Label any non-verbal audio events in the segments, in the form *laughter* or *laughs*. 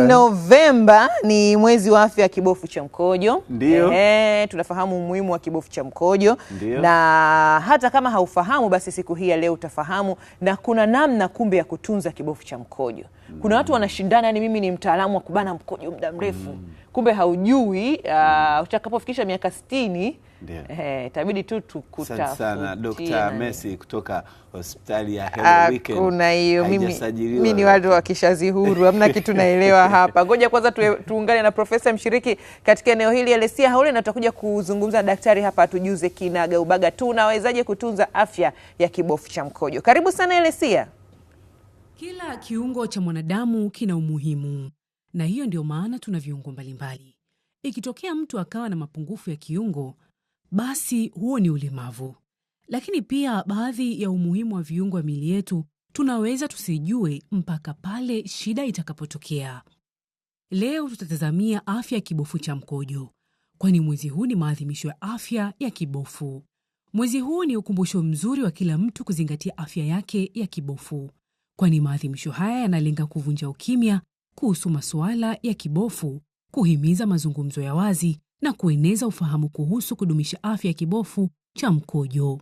Novemba ni mwezi wa afya ya kibofu cha mkojo. Ndio. Eh, tunafahamu umuhimu wa kibofu cha mkojo. Ndio. Na hata kama haufahamu basi siku hii ya leo utafahamu, na kuna namna kumbe ya kutunza kibofu cha mkojo. Kuna watu wanashindana, yani mimi ni mtaalamu wa kubana mkojo muda mrefu, mm. kumbe haujui uh, utakapofikisha miaka sitini Eh, itabidi tu tukutafutie. Dr. Messi kutoka hospitali ya Hello ah, Weekend. Kuna hiyo mimi, mimi ni watu wa kishazi huru hamna kitu naelewa hapa. *laughs* Ngoja kwanza tuungane na profesa mshiriki katika eneo hili Alesia Haule, na tutakuja kuzungumza na daktari hapa atujuze kinaga ubaga tunawezaje kutunza afya ya kibofu cha mkojo. Karibu sana Alesia. Kila kiungo cha mwanadamu kina umuhimu, na hiyo ndio maana tuna viungo mbalimbali. Ikitokea mtu akawa na mapungufu ya kiungo basi huo ni ulemavu. Lakini pia baadhi ya umuhimu wa viungo vya miili yetu tunaweza tusijue mpaka pale shida itakapotokea. Leo tutatazamia afya ya kibofu cha mkojo, kwani mwezi huu ni maadhimisho ya afya ya kibofu. Mwezi huu ni ukumbusho mzuri wa kila mtu kuzingatia afya yake ya kibofu, kwani maadhimisho haya yanalenga kuvunja ukimya kuhusu masuala ya kibofu, kuhimiza mazungumzo ya wazi na kueneza ufahamu kuhusu kudumisha afya ya kibofu cha mkojo.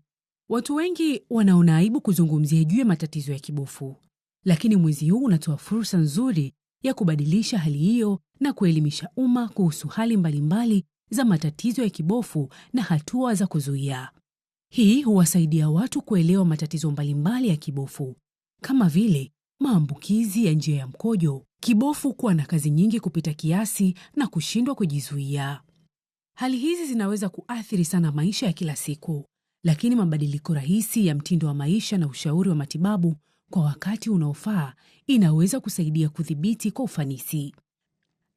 Watu wengi wanaona aibu kuzungumzia juu ya matatizo ya kibofu, lakini mwezi huu unatoa fursa nzuri ya kubadilisha hali hiyo na kuelimisha umma kuhusu hali mbalimbali za matatizo ya kibofu na hatua za kuzuia. Hii huwasaidia watu kuelewa matatizo mbalimbali ya kibofu kama vile maambukizi ya njia ya mkojo, kibofu kuwa na kazi nyingi kupita kiasi na kushindwa kujizuia. Hali hizi zinaweza kuathiri sana maisha ya kila siku, lakini mabadiliko rahisi ya mtindo wa maisha na ushauri wa matibabu kwa wakati unaofaa inaweza kusaidia kudhibiti kwa ufanisi.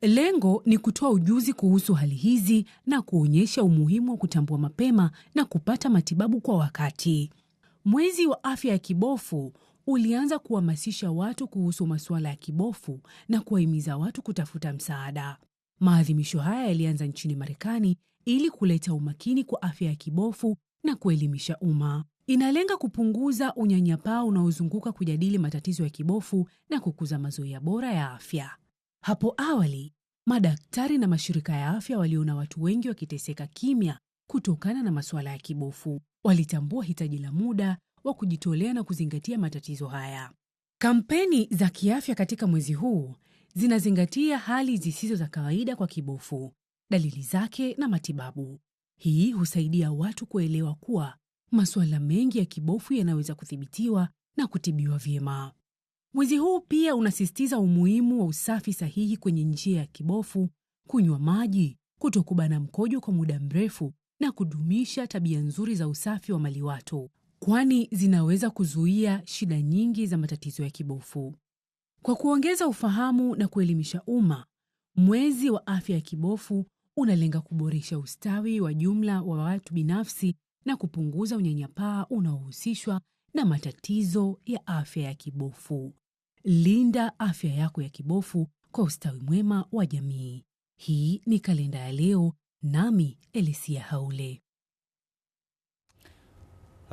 Lengo ni kutoa ujuzi kuhusu hali hizi na kuonyesha umuhimu wa kutambua mapema na kupata matibabu kwa wakati. Mwezi wa Afya ya Kibofu ulianza kuhamasisha watu kuhusu masuala ya kibofu na kuwahimiza watu kutafuta msaada. Maadhimisho haya yalianza nchini Marekani ili kuleta umakini kwa afya ya kibofu na kuelimisha umma. Inalenga kupunguza unyanyapaa unaozunguka kujadili matatizo ya kibofu na kukuza mazoea bora ya afya. Hapo awali, madaktari na mashirika ya afya waliona watu wengi wakiteseka kimya kutokana na masuala ya kibofu. Walitambua hitaji la muda wa kujitolea na kuzingatia matatizo haya. Kampeni za kiafya katika mwezi huu zinazingatia hali zisizo za kawaida kwa kibofu, dalili zake na matibabu. Hii husaidia watu kuelewa kuwa masuala mengi ya kibofu yanaweza kudhibitiwa na kutibiwa vyema. Mwezi huu pia unasisitiza umuhimu wa usafi sahihi kwenye njia ya kibofu, kunywa maji, kutokubana mkojo kwa muda mrefu na kudumisha tabia nzuri za usafi wa maliwato, kwani zinaweza kuzuia shida nyingi za matatizo ya kibofu. Kwa kuongeza ufahamu na kuelimisha umma, mwezi wa afya ya kibofu unalenga kuboresha ustawi wa jumla wa watu binafsi na kupunguza unyanyapaa unaohusishwa na matatizo ya afya ya kibofu. Linda afya yako ya kibofu kwa ustawi mwema wa jamii. Hii ni kalenda ya leo, nami Elisia Haule.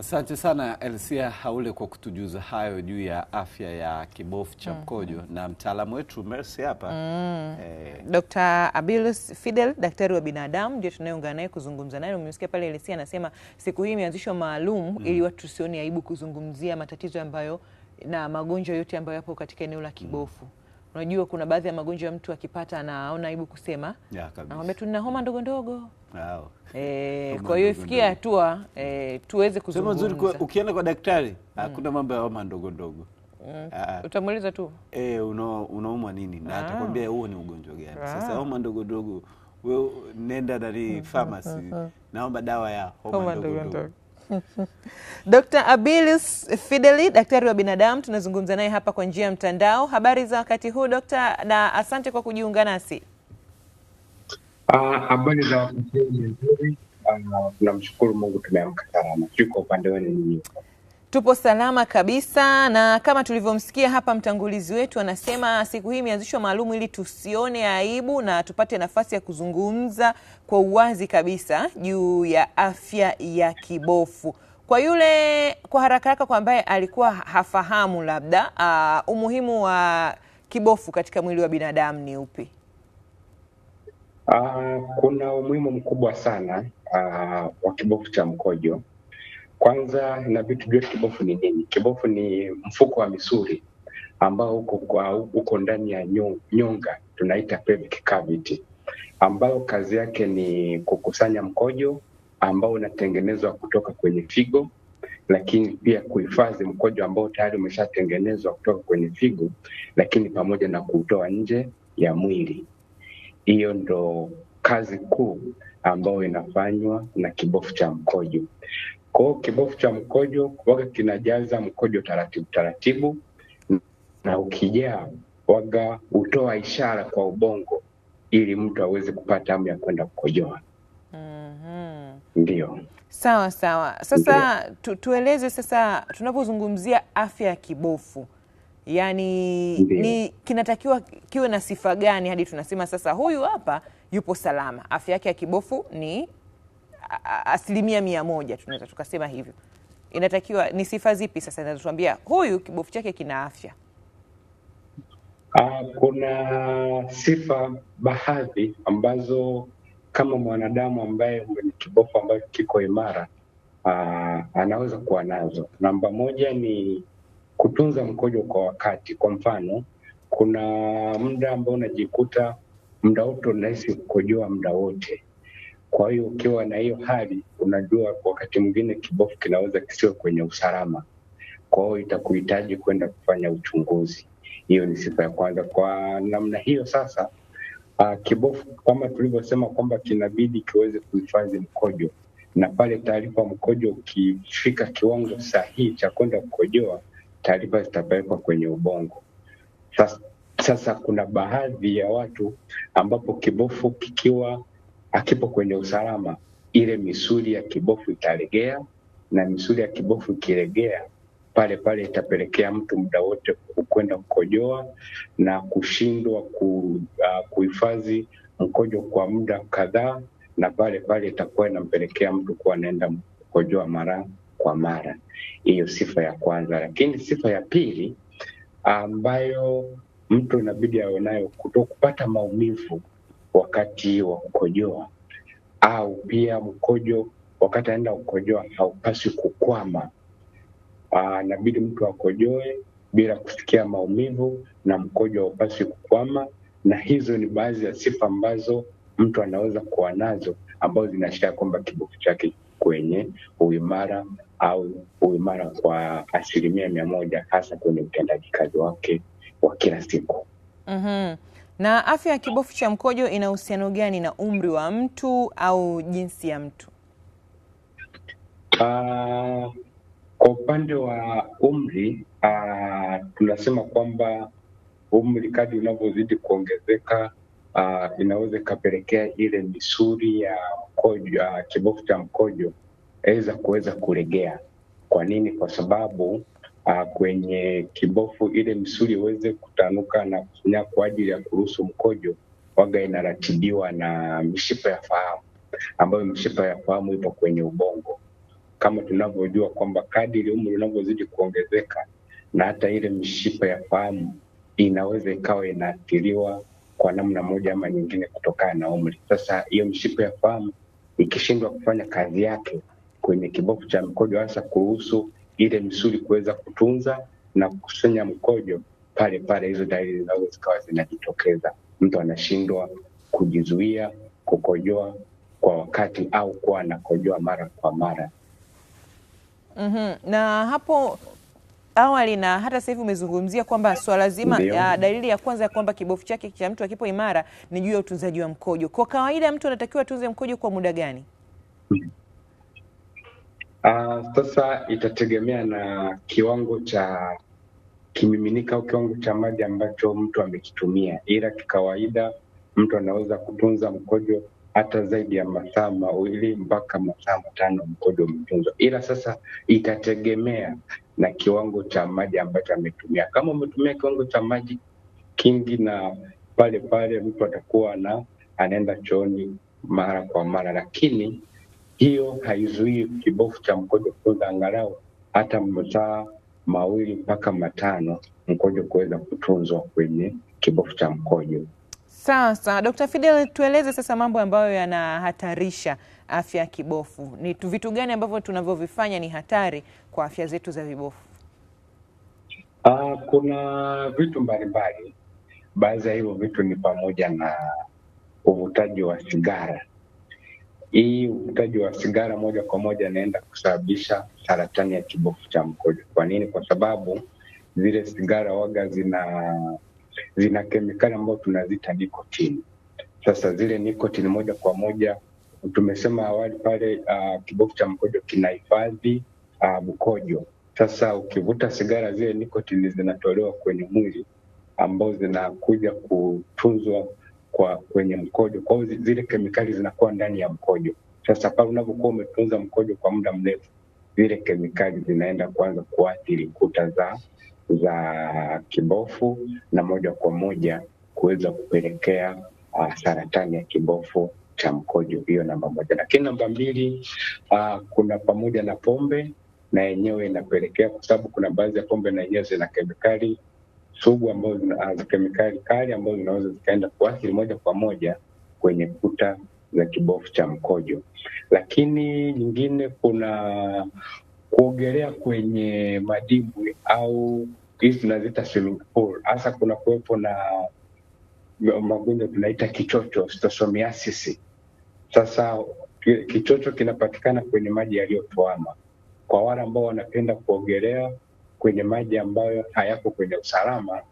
Asante sana Elsia Haule kwa kutujuza hayo juu ya afya ya kibofu cha mm-hmm. mkojo mm -hmm. na mtaalamu wetu Mercy hapa mm. eh. Dr. Abilus Fidel, daktari wa binadamu, ndio tunayeungana naye kuzungumza naye. Umemsikia pale Elsia anasema siku hii imeanzishwa maalum mm. ili watu tusioni aibu kuzungumzia matatizo ambayo na magonjwa yote ambayo yapo katika eneo la kibofu mm. Unajua kuna baadhi ya magonjwa ya mtu akipata anaona aibu kusema, nakwambia tu nina homa ndogo ndogo. E, kwa hiyo ifikia hatua e, tuweze kuzungumza. Sema nzuri, ukienda kwa daktari mm. hakuna mm. mambo ya homa ndogo ndogo mm. Ah, ah. utamuuliza tu e, unaumwa nini na ah. atakwambia huo ni ugonjwa gani. Sasa homa ndogo ndogo, wewe nenda dari mm, mm, pharmacy, naomba dawa ya homa ndogo ndogo. *laughs* Dr. Abilius Fideli, daktari wa binadamu, tunazungumza naye hapa kwa njia ya mtandao. Habari za wakati huu dokta, na asante kwa kujiunga nasi. Ah, habari za wakati huu nzuri, ah, tunamshukuru Mungu tumeamka salama. kwa upande wenu ninyi. Tupo salama kabisa, na kama tulivyomsikia hapa mtangulizi wetu anasema siku hii imeanzishwa maalum ili tusione aibu na tupate nafasi ya kuzungumza kwa uwazi kabisa juu ya afya ya kibofu. Kwa yule kwa haraka haraka, kwa ambaye alikuwa hafahamu labda, uh, umuhimu wa kibofu katika mwili wa binadamu ni upi? Uh, kuna umuhimu mkubwa sana uh, wa kibofu cha mkojo kwanza vitu vyote kibofu ni nini. Kibofu ni mfuko wa misuri ambao uko, kwa, uko ndani ya nyonga tunaita pelvic cavity, ambayo kazi yake ni kukusanya mkojo ambao unatengenezwa kutoka kwenye figo, lakini pia kuhifadhi mkojo ambao tayari umeshatengenezwa kutoka kwenye figo, lakini pamoja na kuutoa nje ya mwili. Hiyo ndo kazi kuu ambayo inafanywa na kibofu cha mkojo. Kwa kibofu cha mkojo waga kinajaza mkojo taratibu taratibu, na ukijaa waga hutoa ishara kwa ubongo ili mtu aweze kupata hamu ya kwenda kukojoa. Mhm. Ndio, sawa sawa. Sasa tu, tueleze sasa, tunapozungumzia afya ya kibofu yani Ndiyo. ni kinatakiwa kiwe na sifa gani hadi tunasema sasa huyu hapa yupo salama, afya yake ya kibofu ni asilimia mia moja, tunaweza tukasema hivyo. Inatakiwa ni sifa zipi sasa zinazotuambia huyu kibofu chake kina afya? Uh, kuna sifa baadhi ambazo kama mwanadamu ambaye ni kibofu ambayo kiko imara uh, anaweza kuwa nazo. Namba moja ni kutunza mkojo kwa wakati. Kwa mfano, kuna muda ambao unajikuta muda wote unahisi kukojoa muda wote, kwa hiyo ukiwa na hiyo hali, unajua wakati mwingine kibofu kinaweza kisiwe kwenye usalama, kwa hiyo itakuhitaji kwenda kufanya uchunguzi. Hiyo ni sifa ya kwanza. Kwa namna hiyo sasa, uh, kibofu kama tulivyosema kwamba kinabidi kiweze kuhifadhi mkojo, na pale taarifa mkojo ukifika kiwango sahihi cha kwenda kukojoa, taarifa zitapelekwa kwenye ubongo. Sasa, sasa kuna baadhi ya watu ambapo kibofu kikiwa akipo kwenye usalama, ile misuli ya kibofu italegea, na misuli ya kibofu ikilegea pale pale itapelekea mtu muda wote kwenda kukojoa na kushindwa ku, uh, kuhifadhi mkojo kwa muda kadhaa, na pale pale itakuwa inampelekea mtu kuwa anaenda mkojoa mara kwa mara. Hiyo sifa ya kwanza, lakini sifa ya pili ambayo mtu inabidi awe nayo kuto kupata maumivu wakati wa kukojoa, au pia mkojo wakati anaenda kukojoa haupaswi kukwama. Uh, ah, nabidi mtu akojoe bila kusikia maumivu na mkojo haupaswi kukwama, na hizo ni baadhi ya sifa ambazo mtu anaweza kuwa nazo ambazo zinaashiria kwamba kibofu chake kwenye uimara au uimara kwa asilimia mia moja hasa kwenye utendaji kazi wake wa kila siku. mm -hmm. Na afya ya kibofu cha mkojo ina uhusiano gani na umri wa mtu au jinsi ya mtu? Uh, kwa upande wa umri uh, tunasema kwamba umri kadi unavyozidi kuongezeka uh, inaweza ikapelekea ile misuri ya mkojo, uh, kibofu cha mkojo aweza kuweza kulegea. Kwa nini? Kwa sababu uh, kwenye kibofu ili misuli iweze kutanuka na kufunya kwa ajili ya kuruhusu mkojo. Waga inaratibiwa na mishipa ya fahamu, ambayo mishipa ya fahamu ipo kwenye ubongo. Kama tunavyojua kwamba kadiri umri unavyozidi kuongezeka, na hata ile mishipa ya fahamu inaweza ikawa inaathiriwa kwa namna moja ama nyingine kutokana na umri. Sasa hiyo mishipa ya fahamu ikishindwa kufanya kazi yake kwenye kibofu cha mkojo, hasa kuruhusu ile misuli kuweza kutunza na kukusanya mkojo pale pale hizo dalili zinaweza zikawa zinajitokeza. Mtu anashindwa kujizuia kukojoa kwa wakati au kuwa anakojoa mara kwa mara. mm -hmm. Na hapo awali na hata sasa hivi umezungumzia kwamba swala zima ya dalili ya kwanza ya kwamba kibofu chake cha mtu akipo imara ni juu ya utunzaji wa mkojo. Kwa kawaida mtu anatakiwa atunze mkojo kwa muda gani? mm -hmm. Uh, sasa itategemea na kiwango cha kimiminika au kiwango cha maji ambacho mtu amekitumia, ila kikawaida mtu anaweza kutunza mkojo hata zaidi ya masaa mawili mpaka masaa matano mkojo umetunzwa, ila sasa itategemea na kiwango cha maji ambacho ametumia. Kama umetumia kiwango cha maji kingi na pale pale, mtu atakuwa na anaenda chooni mara kwa mara, lakini hiyo haizuii kibofu cha mkojo kuweza angalau hata masaa mawili mpaka matano mkojo kuweza kutunzwa kwenye kibofu cha mkojo. Sawa sawa. Dr. Fidel, tueleze sasa mambo ambayo yanahatarisha afya ya kibofu. Ni vitu gani ambavyo tunavyovifanya ni hatari kwa afya zetu za vibofu? Uh, kuna vitu mbalimbali. Baadhi ya hivyo vitu ni pamoja na uvutaji wa sigara hii uvutaji wa sigara moja kwa moja anaenda kusababisha saratani ya kibofu cha mkojo. Kwa nini? Kwa sababu zile sigara waga zina zina kemikali ambazo tunazita nikotini. Sasa zile nikotini moja kwa moja, tumesema awali pale, uh, kibofu cha mkojo kinahifadhi uh, mkojo. Sasa ukivuta sigara, zile nikotini zinatolewa kwenye mwili ambao zinakuja kutunzwa kwa kwenye mkojo. Kwa hiyo zile kemikali zinakuwa ndani ya mkojo. Sasa pale unapokuwa umetunza mkojo kwa muda mrefu, zile kemikali zinaenda kuanza kuathiri kuta za za kibofu na moja kwa moja kuweza kupelekea uh, saratani ya kibofu cha mkojo. Hiyo namba moja, lakini namba mbili, uh, kuna pamoja na pombe na yenyewe inapelekea, kwa sababu kuna baadhi ya pombe na yenyewe zina kemikali sugu ambazo ah, kemikali kali ambazo zinaweza zikaenda kuathiri moja kwa moja kwenye kuta za kibofu cha mkojo. Lakini nyingine kuna kuogelea kwenye madimbwi au hizi tunaziita swimming pool, hasa kuna kuwepo na magonjwa tunaita kichocho stosomiasisi Sasa kichocho kinapatikana kwenye maji yaliyotuama. Kwa wale ambao wanapenda kuogelea kwenye maji ambayo hayako kwenye usalama,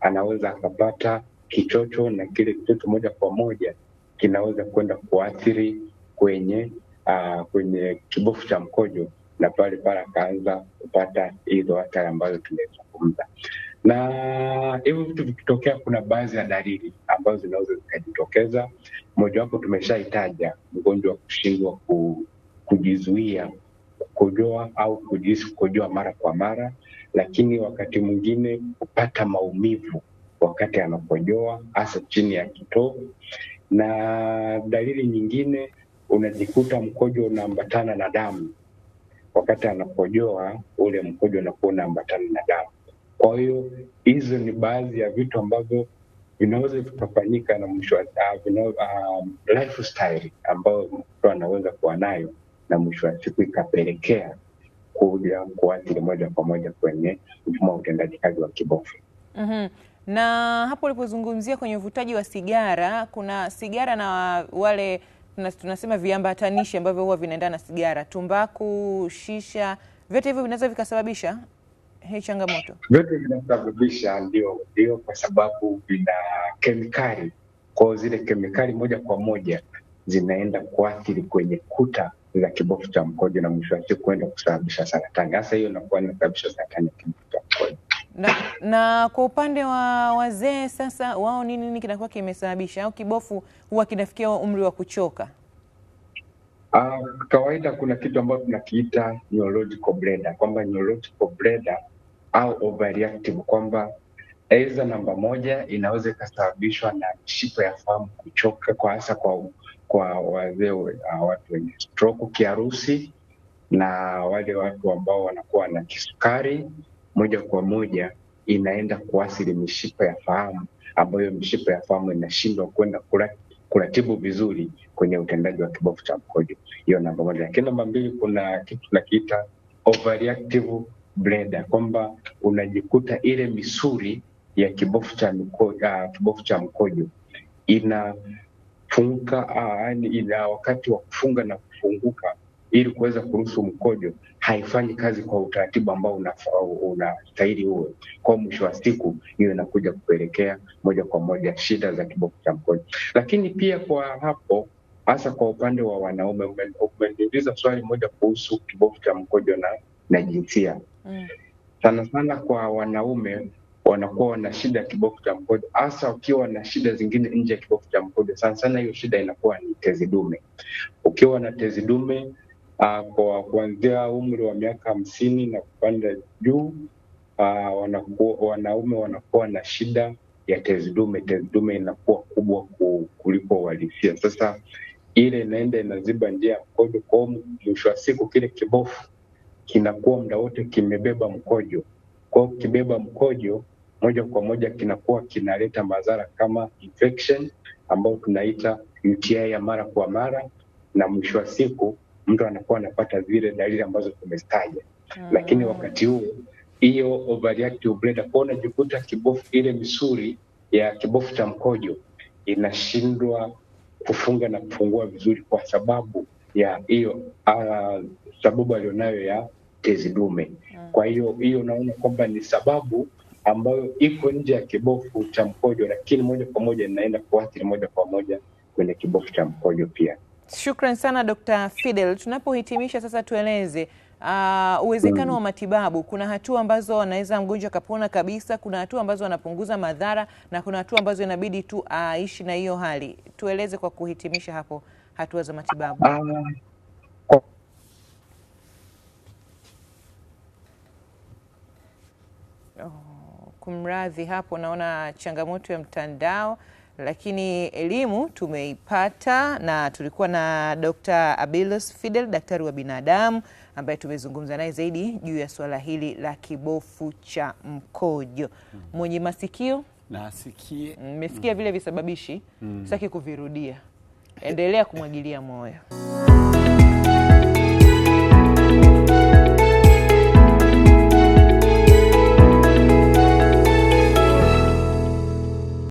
anaweza akapata kichocho, na kile kichocho moja kwa moja kinaweza kwenda kuathiri kwenye uh, kwenye kibofu cha mkojo na pale pale akaanza kupata hizo hatari ambazo tumezungumza. Na hivyo vitu vikitokea, kuna baadhi ya dalili ambazo zinaweza zikajitokeza. Mojawapo tumeshaitaja, mgonjwa wa kushindwa kujizuia kukojoa au kujihisi kukojoa mara kwa mara lakini wakati mwingine hupata maumivu wakati anakojoa, hasa chini ya kitoo. Na dalili nyingine, unajikuta mkojo unaambatana na damu wakati anakojoa, ule mkojo unakuwa unaambatana na damu. Kwa hiyo hizo ni baadhi ya vitu ambavyo vinaweza vikafanyika na mwisho uh, lifestyle ambayo mtu anaweza kuwa nayo na mwisho wa siku ikapelekea kuja kuathiri moja kwa moja kwenye mfumo wa utendaji kazi wa kibofu. mm -hmm. Na hapo ulipozungumzia kwenye uvutaji wa sigara, kuna sigara na wale tunasema viambatanishi ambavyo huwa vinaendana na sigara, tumbaku, shisha, vyote hivyo vinaweza vikasababisha hii changamoto. Vyote vinasababisha, ndio ndio, kwa sababu vina kemikali kwao, zile kemikali moja kwa moja zinaenda kuathiri kwenye kuta za kibofu cha mkojo na mwisho wa siku kuenda kusababisha saratani. Hasa hiyo inakuwa kusababisha saratani ya kibofu cha mkojo. Na, na kwa upande wa wazee sasa, wao nini nini kinakuwa kimesababisha au kibofu huwa kinafikia umri wa kuchoka? Uh, kawaida kuna kitu ambacho tunakiita neurological bladder, kwamba neurological bladder au overreactive, kwamba aidha namba moja inaweza ikasababishwa na mishipa ya fahamu kuchoka, kwa hasa kwa kwa wazee uh, watu wenye stroke, kiharusi na wale watu ambao wanakuwa na kisukari, moja kwa moja inaenda kuathiri mishipa ya fahamu, ambayo mishipa ya fahamu inashindwa kwenda kuratibu vizuri kwenye utendaji wa kibofu cha mkojo. Hiyo namba moja, lakini namba mbili, kuna kitu tunakiita overreactive bladder, kwamba unajikuta ile misuri ya kibofu cha mkojo, uh, ah, kibofu cha mkojo ina kufunga ah, ila wakati wa kufunga na kufunguka ili kuweza kuruhusu mkojo, haifanyi kazi kwa utaratibu ambao unastahili uwe kwao. Mwisho wa siku hiyo inakuja kupelekea moja kwa moja shida za kiboko cha mkojo. Lakini pia kwa hapo hasa kwa upande wa wanaume, umeniuliza swali moja kuhusu kibofu cha mkojo na na jinsia mm. Sana sana kwa wanaume wanakuwa na shida ya kibofu cha mkojo, hasa ukiwa na shida zingine nje ya kibofu cha mkojo. Sana sana hiyo shida inakuwa ni tezi dume. Ukiwa na tezi dume uh, kwa kuanzia umri wa miaka hamsini na kupanda juu uh, wanakuwa, wanaume wanakuwa na shida ya tezi dume. Tezi dume inakuwa kubwa kuliko uhalisia. Sasa ile inaenda inaziba njia ya mkojo, kwa mwisho wa siku kile kibofu kinakuwa muda wote kimebeba mkojo. Kwa kibeba mkojo moja kwa moja kinakuwa kinaleta madhara kama infection ambayo tunaita UTI ya mara kwa mara, na mwisho wa siku mtu anakuwa anapata zile dalili ambazo tumezitaja. Mm. Lakini wakati huo hiyo overreactive bladder, kwa unajikuta kibofu, ile misuri ya kibofu cha mkojo inashindwa kufunga na kufungua vizuri kwa sababu ya hiyo uh, sababu alionayo ya tezi dume. Ah. Kwa hiyo hiyo unaona kwamba ni sababu ambayo iko nje ya kibofu cha mkojo, lakini moja kwa moja inaenda kuathiri moja kwa moja kwenye kibofu cha mkojo pia. Shukran sana Dr. Fidel. Tunapohitimisha sasa, tueleze uh, uwezekano mm, wa matibabu. Kuna hatua ambazo anaweza mgonjwa akapona kabisa, kuna hatua ambazo anapunguza madhara na kuna hatua ambazo inabidi tu aishi uh, na hiyo hali. Tueleze kwa kuhitimisha hapo hatua za matibabu. Uh, oh kumradhi, hapo naona changamoto ya mtandao, lakini elimu tumeipata na tulikuwa na Dr. Abilos Fidel, daktari wa binadamu ambaye tumezungumza naye zaidi juu ya suala hili la kibofu cha mkojo. -hmm. Mwenye masikio na asikie, mmesikia mm. vile visababishi. mm -hmm. Sitaki kuvirudia, endelea kumwagilia moyo